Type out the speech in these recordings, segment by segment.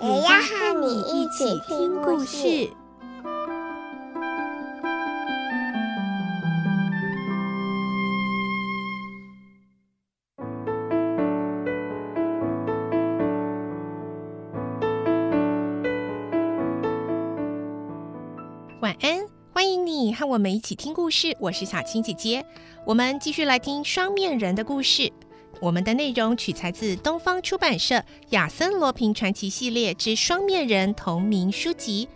也要和你一起聽故事。晚安，歡迎你和我們一起聽故事。我是小青姐姐，我們繼續來聽雙面人的故事。我們的內容取材自東方出版社《亞森·羅蘋傳奇》系列之《雙面人》同名書籍。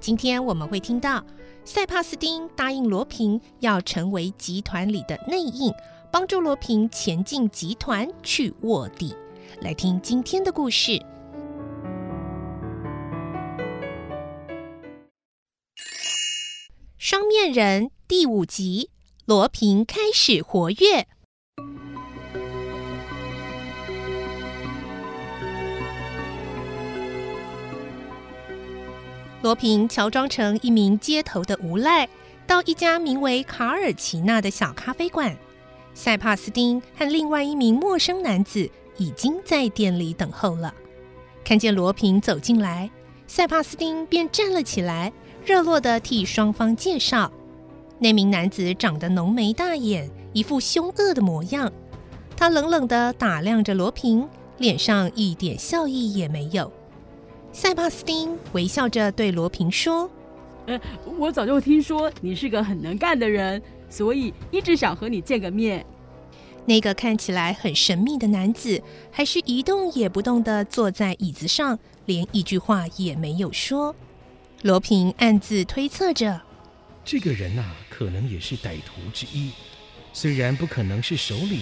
今天我們會聽到塞帕斯汀答應羅蘋，要成為集團裡的內應，幫助羅蘋前進集團去臥底。來聽今天的故事，《雙面人》第五集，羅蘋開始活躍。羅平喬裝成一名街頭的無賴，到一家名為卡爾齊娜的小咖啡館。塞帕斯汀和另外一名陌生男子已經在店裡等候了。看見羅平走進來，塞帕斯汀便站了起來，熱絡地替雙方介紹。那名男子長得濃眉大眼，一副凶惡的模樣。他冷冷地打量着羅平，臉上一點笑意也沒有。塞巴斯丁微笑着對羅蘋說：“呃，我早就聽說你是個很能幹的人，所以一直想和你見個面。”那個看起來很神秘的男子還是一動也不動地坐在椅子上，連一句話也沒有說。羅蘋暗自推測着：“這個人吶、啊，可能也是歹徒之一，雖然不可能是首領，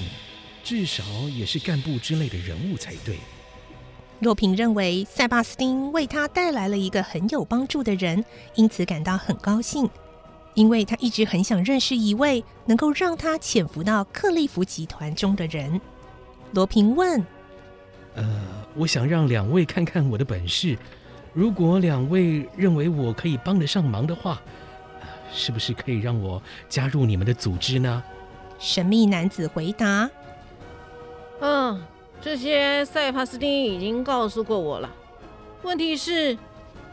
至少也是幹部之類的人物才對。”羅蘋認為塞巴斯汀為他帶來了一個很有幫助的人，因此感到很高興，因為他一直很想認識一位能夠讓他潛伏到克利夫集團中的人。羅蘋問：“呃，我想讓兩位看看我的本事，如果兩位認為我可以幫得上忙的話，呃，是不是可以讓我加入你們的組織呢？”神秘男子回答：“嗯。”這些塞帕斯汀已經告訴過我了。問題是，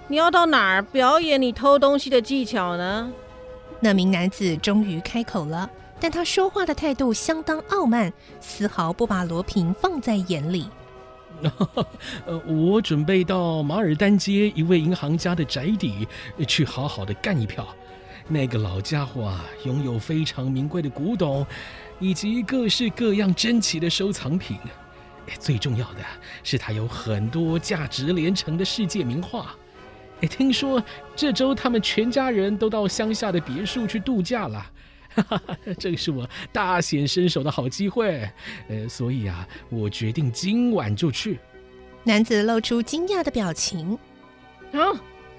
你要到哪兒表演你偷東西的技巧呢？那名男子終於開口了，但他說話的態度相當傲慢，絲毫不把羅蘋放在眼裡。 我準備到馬爾丹街一位銀行家的宅邸去，好好的幹一票。那個老家伙啊，擁有非常名貴的古董，以及各式各樣珍奇的收藏品。最重要的是，他有很多價值連城的世界名畫。聽說這週他們全家人都到鄉下的別墅去度假了，這是我大顯身手的好機會。呃，所以啊，我決定今晚就去。男子露出驚訝的表情。啊，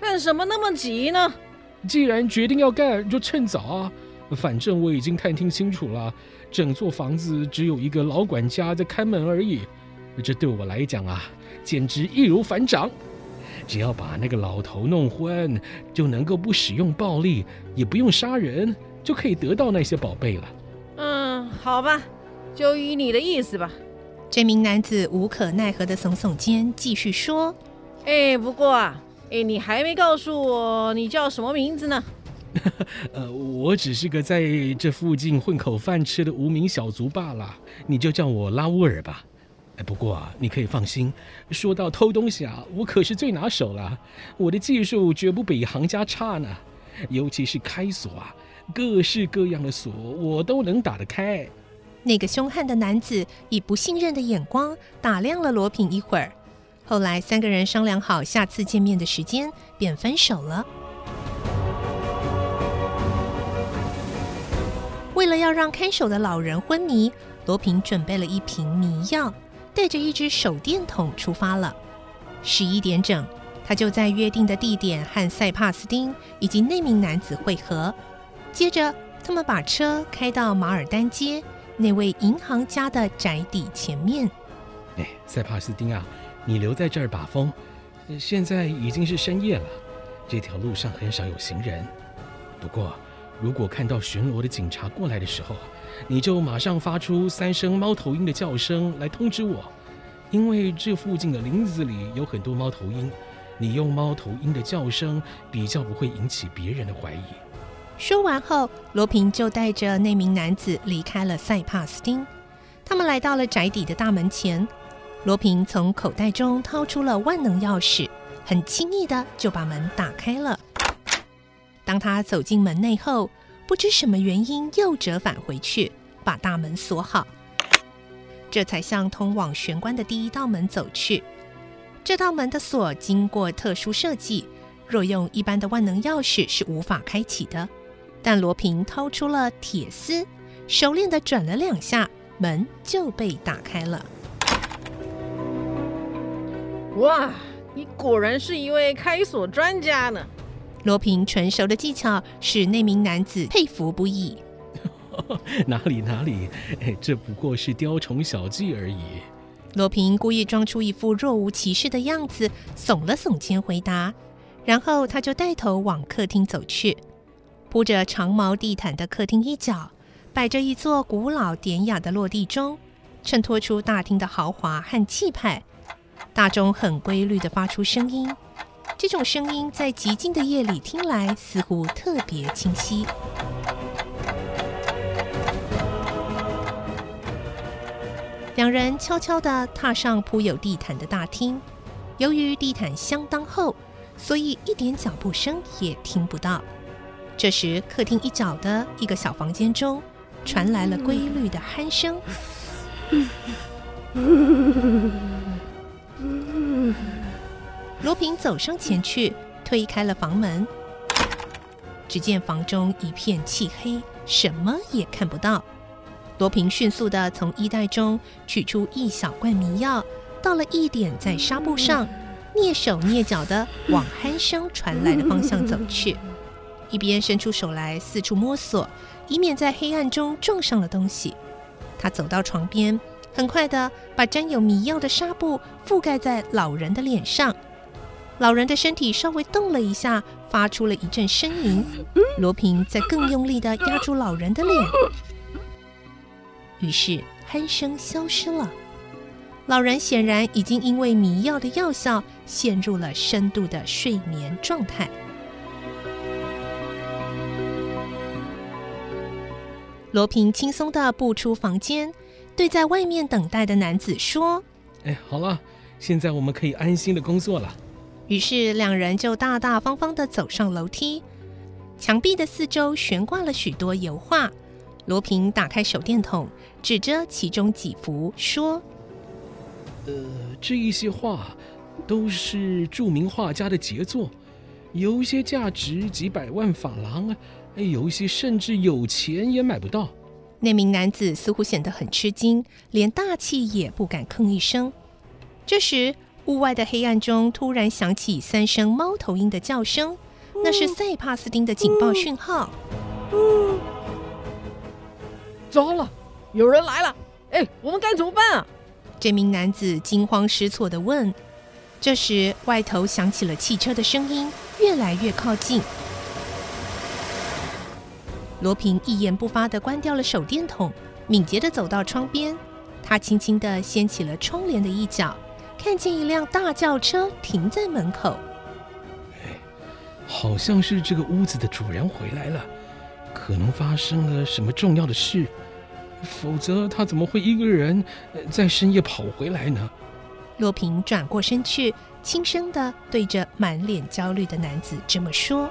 幹什麼那麼急呢？既然決定要幹，就趁早啊。反正我已經探聽清楚了，整座房子只有一個老管家在看門而已。這對我來講啊，簡直易如反掌。只要把那個老頭弄昏，就能夠不使用暴力，也不用殺人，就可以得到那些寶貝了。嗯，好吧，就依你的意思吧。這名男子無可奈何地聳聳肩，繼續說：“哎，不過啊，哎，你還沒告訴我你叫什麼名字呢？” 呃，我只是個在這附近混口飯吃的無名小卒罷了，你就叫我拉烏爾吧。不過啊，你可以放心，說到偷東西啊，我可是最拿手了，我的技術絕不比行家差呢。尤其是開鎖啊，各式各樣的鎖我都能打得開。那個兇悍的男子以不信任的眼光打量了羅蘋一會兒，後來三個人商量好下次見面的時間，便分手了。為了要讓看守的老人昏迷，羅蘋準備了一瓶迷藥，帶着一只手電筒出發了。十一點整，他就在約定的地點和塞帕斯汀以及那名男子會合。接着，他們把車開到馬爾丹街那位銀行家的宅邸前面。哎，塞帕斯汀啊，你留在這兒把風。現在已經是深夜了，這條路上很少有行人。不過，如果看到巡邏的警察過來的時候，你就馬上發出三聲貓頭鷹的叫聲來通知我，因為這附近的林子裡有很多貓頭鷹，你用貓頭鷹的叫聲比較不會引起別人的懷疑。說完後，羅蘋就帶着那名男子離開了塞帕斯汀，他們來到了宅邸的大門前。羅蘋從口袋中掏出了萬能鑰匙，很輕易的就把門打開了。當他走進門內後，不知什麼原因又折返回去，把大門鎖好，這才向通往玄關的第一道門走去。這道門的鎖經過特殊設計，若用一般的萬能鑰匙是無法開啟的。但羅平掏出了鐵絲，熟練的轉了兩下，門就被打開了。哇，你果然是一位開鎖專家呢！羅蘋純熟的技巧使那名男子佩服不已。 哪裡哪裡，這不過是雕蟲小技而已。羅蘋故意裝出一副若無其事的樣子，聳了聳肩回答。然後他就帶頭往客廳走去。鋪着長毛地毯的客廳一角，擺着一座古老典雅的落地鐘，襯托出大廳的豪華和氣派。大鐘很規律地發出聲音。這種聲音在寂靜的夜裡聽來，似乎特別清晰。兩人悄悄地踏上鋪有地毯的大廳，由於地毯相當厚，所以一點腳步聲也聽不到。這時，客廳一角的一個小房間中傳來了規律的鼾聲。嗯。 羅蘋走上前去，推開了房門，只見房中一片漆黑，什麼也看不到。羅蘋迅速地從衣袋中取出一小罐迷藥，倒了一點在紗布上，躡手躡腳地往鼾聲傳來的方向走去，一邊伸出手來四處摸索，以免在黑暗中撞上了東西。他走到床邊，很快地把沾有迷藥的紗布覆蓋在老人的臉上。老人的身體稍微動了一下，發出了一陣呻吟。羅蘋再更用力的壓住老人的臉，於是鼾聲消失了。老人顯然已經因為迷藥的藥效陷入了深度的睡眠狀態。羅蘋輕鬆的步出房間，對在外面等待的男子說：“哎，好了，現在我們可以安心的工作了。”於是兩人就大大方方的走上樓梯。牆壁的四周懸掛了許多油畫。羅平打開手電筒，指着其中幾幅說：“呃，這一些畫都是著名畫家的傑作，有一些價值幾百萬法郎啊，哎，有一些甚至有錢也買不到。”那名男子似乎顯得很吃驚，連大氣也不敢吭一聲。這時。屋外的黑暗中突然響起三聲貓頭鷹的叫聲，那是塞帕斯汀的警報訊號。嗯嗯嗯、糟了，有人來了！哎，我們該怎麼辦啊？這名男子驚慌失措的問。這時，外頭響起了汽車的聲音，越來越靠近。羅平一言不發的關掉了手電筒，敏捷的走到窗邊，他輕輕的掀起了窗簾的一角。看見一輛大轎車停在門口，哎，好像是這個屋子的主人回來了，可能發生了什麼重要的事，否則他怎麼會一個人在深夜跑回來呢？羅蘋轉過身去，輕聲的對着滿臉焦慮的男子這麼說。